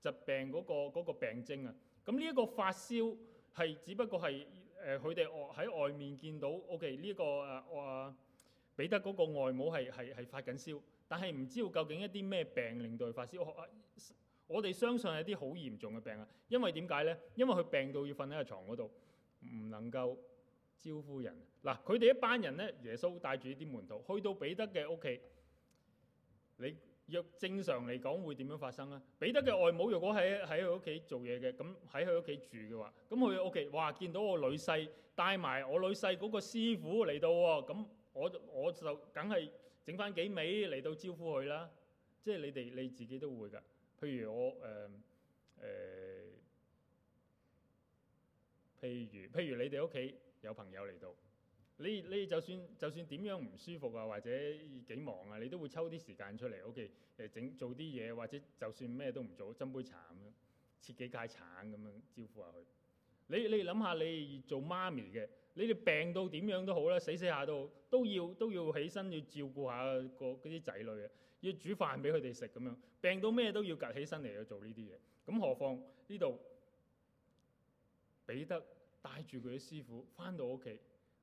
在疾病嗰、嗰個嗰個病徵啊。咁呢一個發燒係只不過係誒佢哋喺外面見到，OK 呢、呢個誒。呃呃呃彼得嗰個外母係係係發緊燒，但係唔知道究竟一啲咩病令到佢發燒。我哋、啊、我哋相信係啲好嚴重嘅病啊！因為點解呢？因為佢病到要瞓喺個床嗰度，唔能夠招呼人。嗱、啊，佢哋一班人呢，耶穌帶住啲門徒去到彼得嘅屋企。你若正常嚟講，會點樣發生呢？彼得嘅外母如果喺喺佢屋企做嘢嘅，咁喺佢屋企住嘅話，咁佢屋企，哇！見到我女婿帶埋我女婿嗰個師傅嚟到喎，咁。我我就梗係整翻幾味嚟到招呼佢啦，即係你哋你自己都會㗎。譬如我誒誒、呃呃，譬如譬如你哋屋企有朋友嚟到，你你就算就算點樣唔舒服啊，或者幾忙啊，你都會抽啲時間出嚟，屋企整做啲嘢，或者就算咩都唔做，斟杯茶咁樣，切幾塊橙咁樣招呼下佢。你你諗下你做媽咪嘅？你哋病到點樣都好啦，死死下都好都要都要起身要照顧下個嗰啲仔女嘅，要煮飯俾佢哋食咁樣。病到咩都要趌起身嚟去做呢啲嘢。咁何況呢度彼得帶住佢嘅師傅翻到屋企，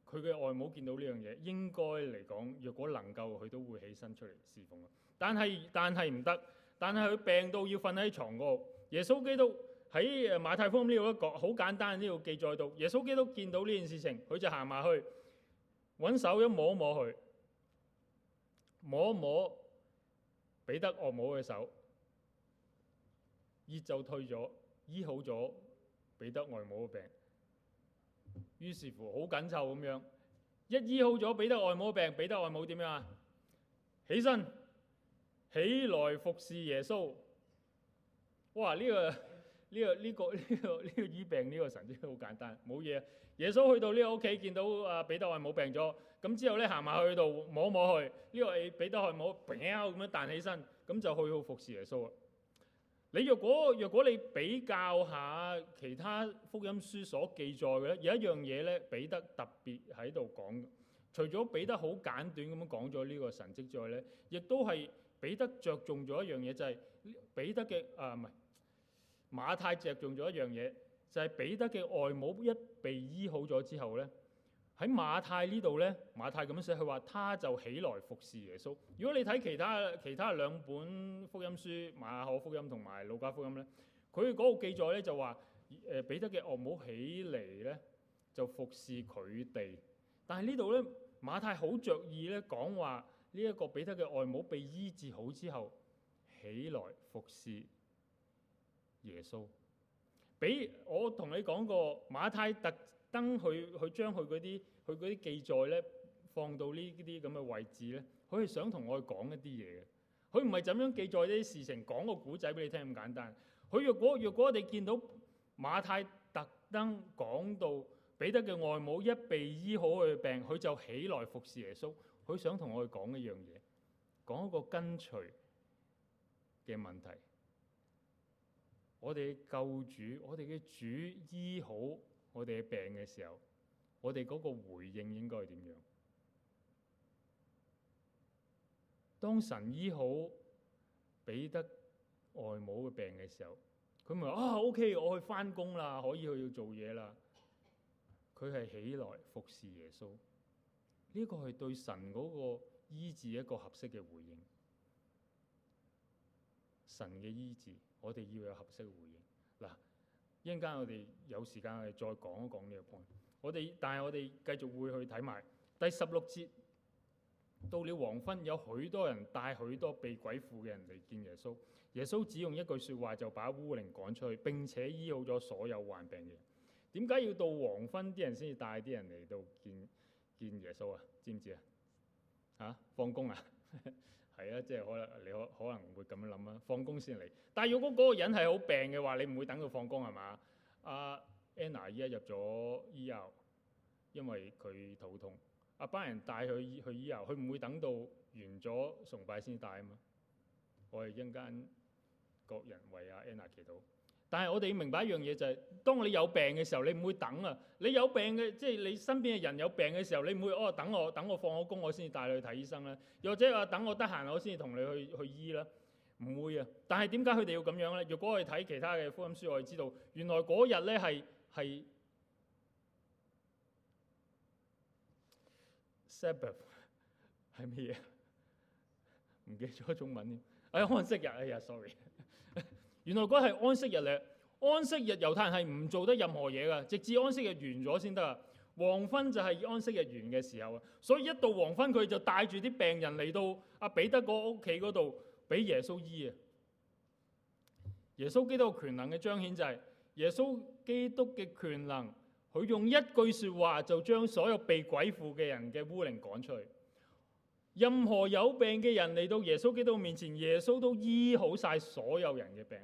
佢嘅外母見到呢樣嘢，應該嚟講，若果能夠佢都會起身出嚟侍奉。但係但係唔得，但係佢病到要瞓喺牀度。耶穌基督。喺《馬太福音》呢個角，好簡單呢度記載到，耶穌基督見到呢件事情，佢就行埋去揾手一摸，一摸佢，摸一摸彼得外母嘅手，熱就退咗，醫好咗彼得外母嘅病。於是乎緊好緊湊咁樣，一醫好咗彼得外母嘅病，彼得外母點樣啊？起身，起來服侍耶穌。哇！呢、這個～呢、這個呢、這個呢、這個呢、這個醫病呢、這個神蹟好簡單，冇嘢。耶穌去到呢個屋企，見到啊彼得外母病咗，咁之後呢，行埋去度摸摸佢。呢、這個彼得外母，砰咁樣彈起身，咁就去到服侍耶穌啦。你若果若果你比較下其他福音書所記載嘅，有一樣嘢呢，彼得特別喺度講，除咗彼得好簡短咁樣講咗呢個神蹟之外呢，亦都係彼得着重咗一樣嘢，就係、是、彼得嘅啊唔係。馬太着重咗一樣嘢，就係、是、彼得嘅外母一被醫好咗之後呢，喺馬太呢度呢，馬太咁寫，佢話他就起來服侍耶穌。如果你睇其他其他兩本福音書，馬可福音同埋路加福音呢，佢嗰個記載呢就話，彼得嘅外母起嚟呢，就服侍佢哋。但係呢度呢，馬太好着意呢，講話呢一、這個彼得嘅外母被醫治好之後起來服侍。耶穌俾我同你講過，馬太特登去去將佢嗰啲佢啲記載咧放到呢啲咁嘅位置咧，佢係想同我講一啲嘢嘅。佢唔係怎樣記載啲事情，講個故仔俾你聽咁簡單。佢若果若果我哋見到馬太特登講到彼得嘅外母一被醫好佢嘅病，佢就起來服侍耶穌，佢想同我哋講一樣嘢，講一個跟隨嘅問題。我哋嘅救主，我哋嘅主醫好我哋嘅病嘅時候，我哋嗰個回應應該係點樣？當神醫好彼得外母嘅病嘅時候，佢咪啊 OK，我去翻工啦，可以去做嘢啦。佢係起來服侍耶穌，呢個係對神嗰個醫治一個合適嘅回應。神嘅醫治。我哋要有合適嘅回應嗱，一陣間我哋有時間我哋再講一講呢個 point。我哋，但係我哋繼續會去睇埋第十六節，到了黃昏，有許多人帶許多被鬼附嘅人嚟見耶穌。耶穌只用一句説話就把污靈趕出去，並且醫好咗所有患病嘅人。點解要到黃昏啲人先至帶啲人嚟到見見耶穌啊？知唔知啊？嚇放工啊！ 係啊，即係可能你可可能會咁樣諗啊，放工先嚟。但係如果嗰個人係好病嘅話，你唔會等到放工係嘛？阿、啊、Anna 依家入咗 ER，因為佢肚痛，一班人帶佢去 ER，佢唔、ER，會等到完咗崇拜先帶啊嘛。我哋一陣間各人為阿、啊、Anna 祈禱。但係我哋要明白一樣嘢就係、是，當你有病嘅時候，你唔會等啊！你有病嘅，即係你身邊嘅人有病嘅時候，你唔會哦等我等我放好工我先至帶你去睇醫生咧，又或者話、哦、等我得閒我先至同你去去醫啦，唔會啊！但係點解佢哋要咁樣呢？如果我哋睇其他嘅福音書，我哋知道原來嗰日呢係係 Sabbath 係乜嘢？唔記咗中文添。哎呀，安息日！哎呀，sorry。原來嗰係安息日咧，安息日猶太人係唔做得任何嘢噶，直至安息日完咗先得啊。黃昏就係安息日完嘅時候啊，所以一到黃昏，佢就帶住啲病人嚟到阿彼得嗰屋企嗰度俾耶穌醫啊。耶穌基督嘅權能嘅彰顯就係、是、耶穌基督嘅權能，佢用一句説話就將所有被鬼附嘅人嘅污靈趕出去。任何有病嘅人嚟到耶穌基督面前，耶穌都醫好晒所有人嘅病。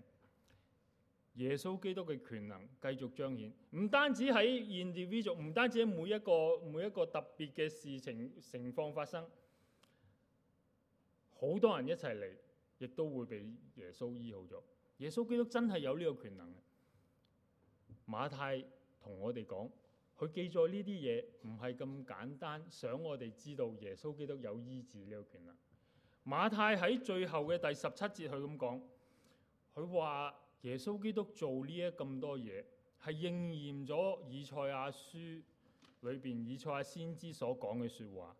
耶穌基督嘅權能繼續彰顯，唔單止喺 individual，唔單止喺每一個每一個特別嘅事情情況發生，好多人一齊嚟，亦都會被耶穌醫好咗。耶穌基督真係有呢個權能嘅。馬太同我哋講。佢記載呢啲嘢唔係咁簡單，想我哋知道耶穌基督有醫治呢個權能。馬太喺最後嘅第十七節，佢咁講：佢話耶穌基督做呢一咁多嘢，係應驗咗以賽亞書裏邊以賽亞先知所講嘅説話。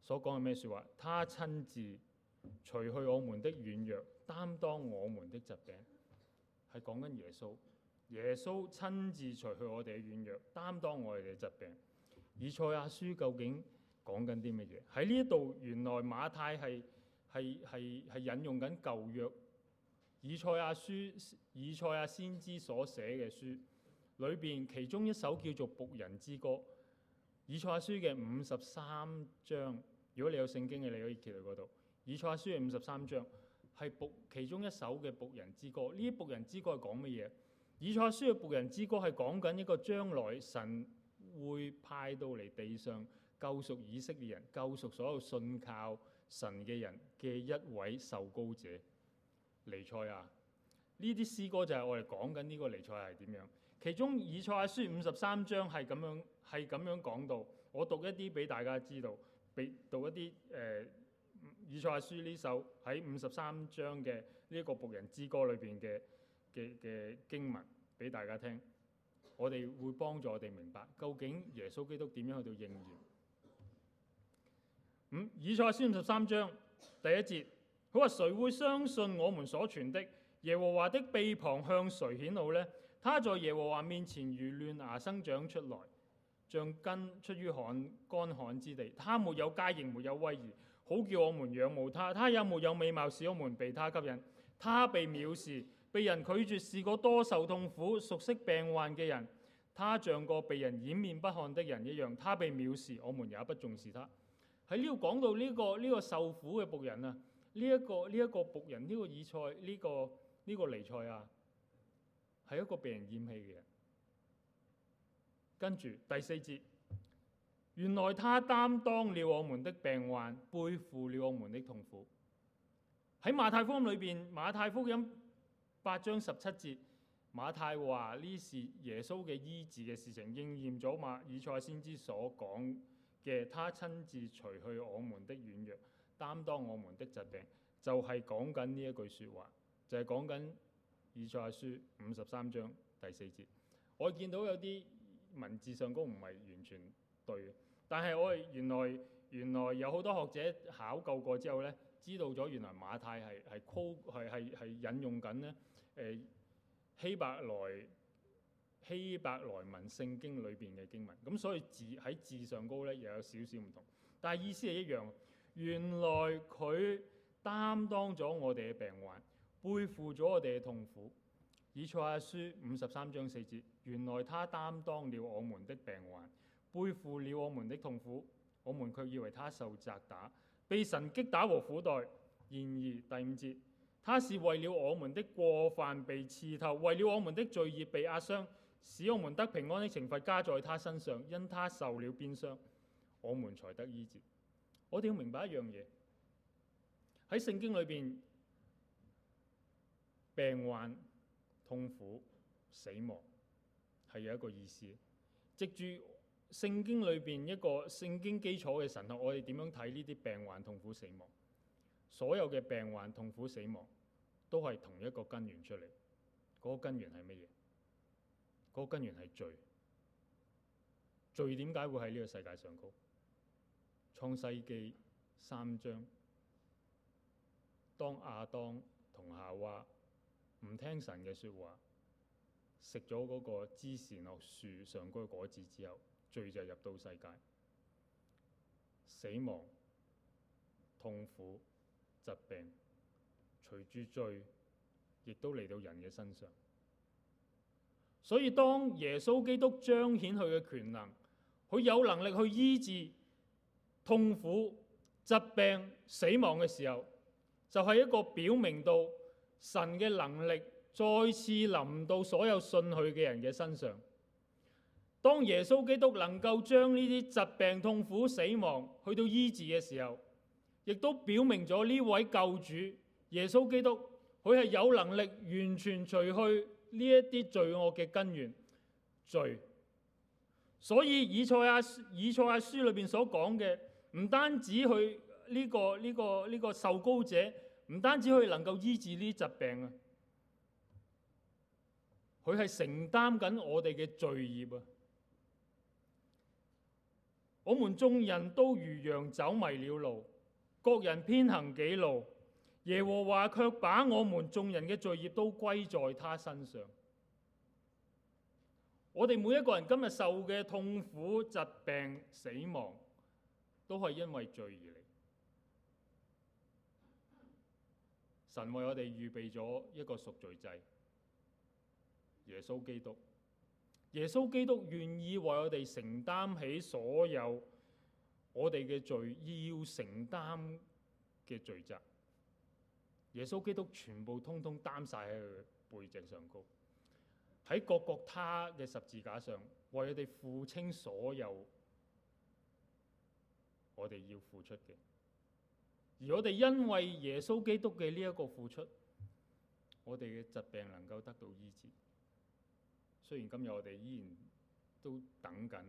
所講嘅咩説話？他親自除去我們的軟弱，擔當我們的疾病，係講緊耶穌。耶穌親自除去我哋嘅軟弱，擔當我哋嘅疾病。以賽亞書究竟講緊啲乜嘢？喺呢一度，原來馬太係係係係引用緊舊約。以賽亞書、以賽亞先知所寫嘅書裏邊，裏面其中一首叫做《僕人之歌》。以賽亞書嘅五十三章，如果你有聖經嘅，你可以揭到嗰度。以賽亞書嘅五十三章係僕其中一首嘅僕人之歌。呢啲僕人之歌係講乜嘢？以賽亞書嘅僕人之歌係講緊一個將來神會派到嚟地上救贖以色列人，救贖所有信靠神嘅人嘅一位受膏者。彌賽亞，呢啲詩歌就係我哋講緊呢個彌賽亞係點樣？其中以賽亞書五十三章係咁樣係咁樣講到，我讀一啲俾大家知道，俾讀一啲誒、呃，以賽亞書呢首喺五十三章嘅呢一個僕人之歌裏邊嘅。嘅嘅經文俾大家聽，我哋會幫助我哋明白究竟耶穌基督點樣去到應驗。五、嗯、以賽先十三章第一節，佢話：誰會相信我們所傳的耶和華的臂膀向誰顯露呢？「他在耶和華面前如嫩芽生長出來，像根出於旱乾旱之地。他沒有佳形，沒有威儀，好叫我們仰慕他。他也沒有美貌，使我們被他吸引。他被藐視。被人拒絕是個多受痛苦、熟悉病患嘅人。他像個被人掩面不看的人一樣，他被藐視，我們也不重視他。喺呢度講到呢個呢個受苦嘅僕人啊，呢一個呢一個僕人呢個以賽呢個呢個尼賽啊，係一個被人厭棄嘅人。跟住第四節，原來他擔當了我們的病患，背負了我們的痛苦。喺馬太福音裏邊，馬太福音八章十七節，馬太話呢是耶穌嘅醫治嘅事情，應驗咗以賽亞先知所講嘅，他親自除去我們的軟弱，擔當我們的疾病，就係講緊呢一句説話，就係講緊以賽亞書五十三章第四節。我見到有啲文字上高唔係完全對，但係我係原來原來有好多學者考究過之後呢，知道咗原來馬太係係係係引用緊咧。誒，呃，希伯來希伯來文聖經裏邊嘅經文，咁所以字喺字上高咧，又有少少唔同，但係意思係一樣。原來佢擔當咗我哋嘅病患，背負咗我哋嘅痛苦。以賽亞書五十三章四節，原來他擔當了我們的病患，背負了我們的痛苦。我們卻以為他受責打，被神擊打和苦待。然而第五節。他是為了我們的過犯被刺透，為了我們的罪孽被壓傷，使我們得平安的懲罰加在他身上，因他受了鞭傷，我們才得醫治。我哋要明白一樣嘢，喺聖經裏邊，病患、痛苦、死亡係有一個意思。藉住聖經裏邊一個聖經基礎嘅神學，我哋點樣睇呢啲病患、痛苦、死亡？所有嘅病患、痛苦、死亡，都係同一個根源出嚟。嗰個根源係乜嘢？嗰個根源係罪。罪點解會喺呢個世界上高？創世記三章，當亞當同夏娃唔聽神嘅說話，食咗嗰個知善惡樹上高嘅果子之後，罪就入到世界，死亡、痛苦。疾病隨住罪，亦都嚟到人嘅身上。所以當耶穌基督彰顯佢嘅權能，佢有能力去醫治痛苦、疾病、死亡嘅時候，就係一個表明到神嘅能力再次臨到所有信佢嘅人嘅身上。當耶穌基督能夠將呢啲疾病、痛苦、死亡去到醫治嘅時候，亦都表明咗呢位救主耶穌基督，佢係有能力完全除去呢一啲罪惡嘅根源罪。所以以賽亞，以賽亞書裏面所講嘅，唔單止佢呢個呢個呢個受膏者，唔單止佢能夠醫治呢啲疾病啊，佢係承擔緊我哋嘅罪業啊！我們眾人都如羊走迷了路。各人偏行己路，耶和華卻把我們眾人嘅罪孽都歸在他身上。我哋每一個人今日受嘅痛苦、疾病、死亡，都係因為罪而嚟。神為我哋預備咗一個贖罪祭，耶穌基督。耶穌基督願意為我哋承擔起所有。我哋嘅罪要承擔嘅罪責，耶穌基督全部通通擔晒喺佢背脊上高，喺各各他嘅十字架上為佢哋付清所有我哋要付出嘅，而我哋因為耶穌基督嘅呢一個付出，我哋嘅疾病能夠得到醫治。雖然今日我哋依然都等緊。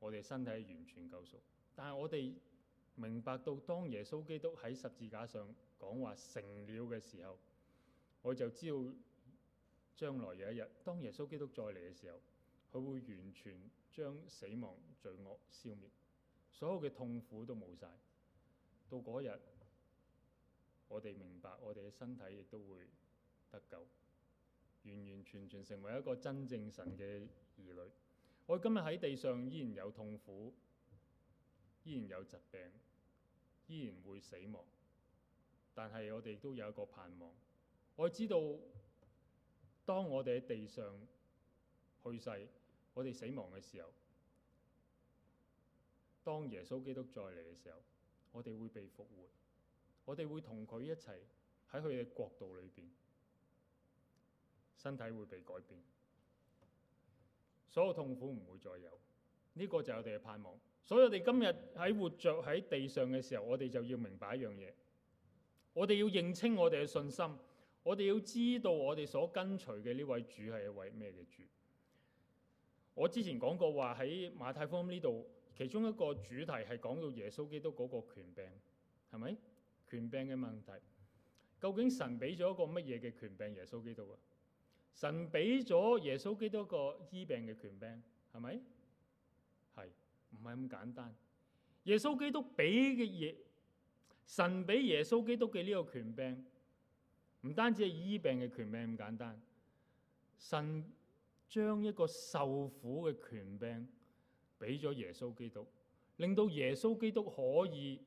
我哋身體完全救贖，但係我哋明白到，當耶穌基督喺十字架上講話成了嘅時候，我就知道將來有一日，當耶穌基督再嚟嘅時候，佢會完全將死亡罪惡消滅，所有嘅痛苦都冇晒。到嗰日，我哋明白，我哋嘅身體亦都會得救，完完全全成為一個真正神嘅兒女。我今日喺地上依然有痛苦，依然有疾病，依然會死亡。但係我哋都有一個盼望。我知道，當我哋喺地上去世，我哋死亡嘅時候，當耶穌基督再嚟嘅時候，我哋會被復活，我哋會同佢一齊喺佢嘅國度裏邊，身體會被改變。所有痛苦唔會再有，呢個就係我哋嘅盼望。所以我哋今日喺活着喺地上嘅時候，我哋就要明白一樣嘢，我哋要認清我哋嘅信心，我哋要知道我哋所跟隨嘅呢位主係一位咩嘅主。我之前講過話喺馬太福音呢度，其中一個主題係講到耶穌基督嗰個權柄，係咪權柄嘅問題？究竟神俾咗一個乜嘢嘅權柄耶穌基督啊？神俾咗耶穌基督個醫病嘅權柄，係咪？係，唔係咁簡單。耶穌基督俾嘅嘢，神俾耶穌基督嘅呢個權柄，唔單止係醫病嘅權柄咁簡單。神將一個受苦嘅權柄俾咗耶穌基督，令到耶穌基督可以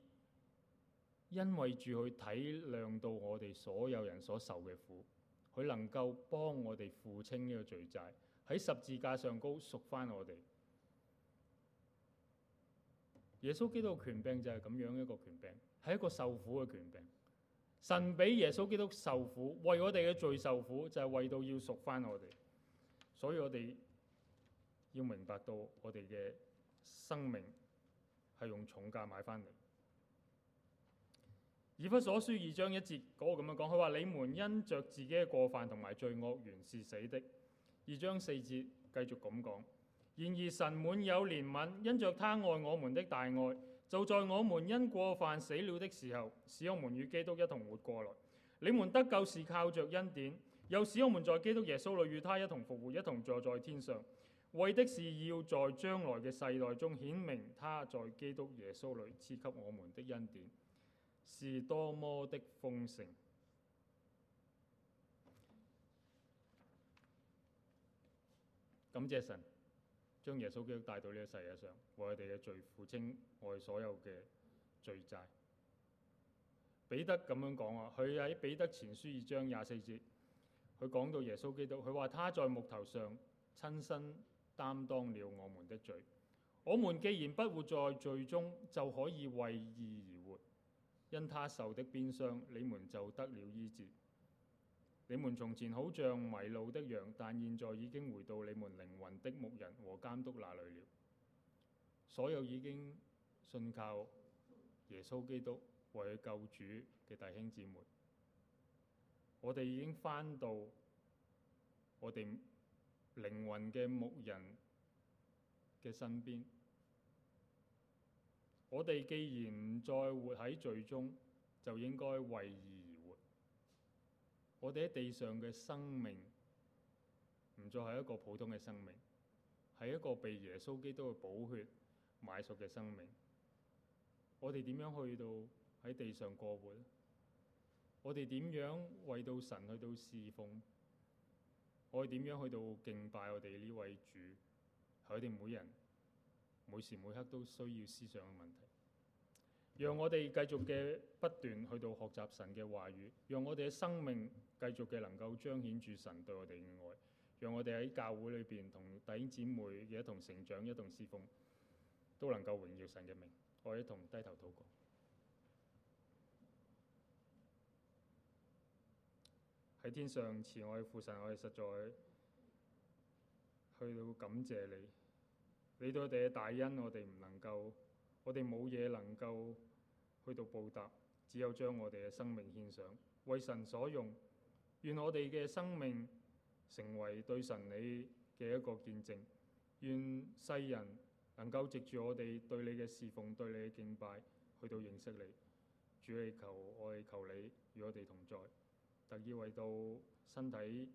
因為住佢體諒到我哋所有人所受嘅苦。佢能夠幫我哋付清呢個罪債，喺十字架上高贖翻我哋。耶穌基督嘅權柄就係咁樣一個權柄，係一個受苦嘅權柄。神俾耶穌基督受苦，為我哋嘅罪受苦，就係為到要贖翻我哋。所以我哋要明白到我哋嘅生命係用重價買翻嚟。以弗所書二章一節嗰、那個咁樣講，佢話你們因着自己嘅過犯同埋罪惡原是死的。二章四節繼續咁講，然而神滿有憐憫，因着他愛我們的大愛，就在我們因過犯死了的時候，使我們與基督一同活過來。你們得救是靠着恩典，又使我們在基督耶穌裏與他一同復活，一同坐在天上，為的是要在將來嘅世代中顯明他在基督耶穌裏賜給我們的恩典。是多麼的豐盛！感謝神將耶穌基督帶到呢個世界上，為我哋嘅罪付清我哋所有嘅罪債。彼得咁樣講啊，佢喺彼得前書二章廿四節，佢講到耶穌基督，佢話他在木頭上親身擔當了我們的罪。我們既然不活在罪中，就可以為義而活因他受的鞭傷，你們就得了醫治。你們從前好像迷路的羊，但現在已經回到你們靈魂的牧人和監督那裡了。所有已經信靠耶穌基督為佢救主嘅弟兄姊妹，我哋已經翻到我哋靈魂嘅牧人嘅身邊。我哋既然唔再活喺罪中，就應該為義而活。我哋喺地上嘅生命，唔再係一個普通嘅生命，係一個被耶穌基督寶血買贖嘅生命。我哋點樣去到喺地上過活？我哋點樣為到神去到侍奉？我哋點樣去到敬拜我哋呢位主？係我哋每人。每時每刻都需要思想嘅問題，讓我哋繼續嘅不斷去到學習神嘅話語，讓我哋嘅生命繼續嘅能夠彰顯住神對我哋嘅愛，讓我哋喺教會裏邊同弟兄姊妹嘅一同成長，一同侍奉，都能夠榮耀神嘅名。我一同低頭禱告，喺天上慈愛父神，我哋實在去到感謝你。你對我哋嘅大恩，我哋唔能夠，我哋冇嘢能夠去到報答，只有將我哋嘅生命獻上，為神所用。願我哋嘅生命成為對神你嘅一個見證。願世人能夠藉住我哋對你嘅侍奉、對你嘅敬拜，去到認識你。主，你求我求你與我哋同在，特意為到身體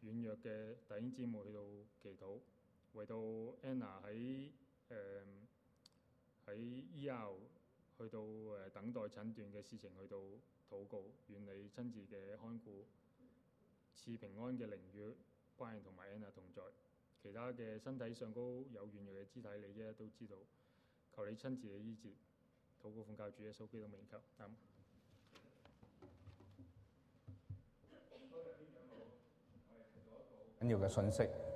軟弱嘅弟兄姊妹去到祈禱。為到 Anna 喺 ER 去到等待診斷嘅事情去到禱告，願你親自嘅看顧，賜平安嘅靈與關愛同埋 Anna 同在。其他嘅身體上高有軟弱嘅肢體，你都知道。求你親自嘅醫治，禱告奉教主嘅手，基督面前求。緊要嘅信息。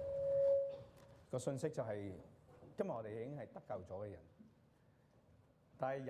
個信息就係、是、今日我哋已經係得救咗嘅人，但係。